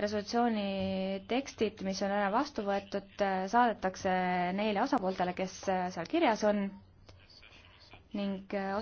resolutsiooni tekstid, mis on ära vastu võetud, saadetakse neile osapooltele, kes seal kirjas on ning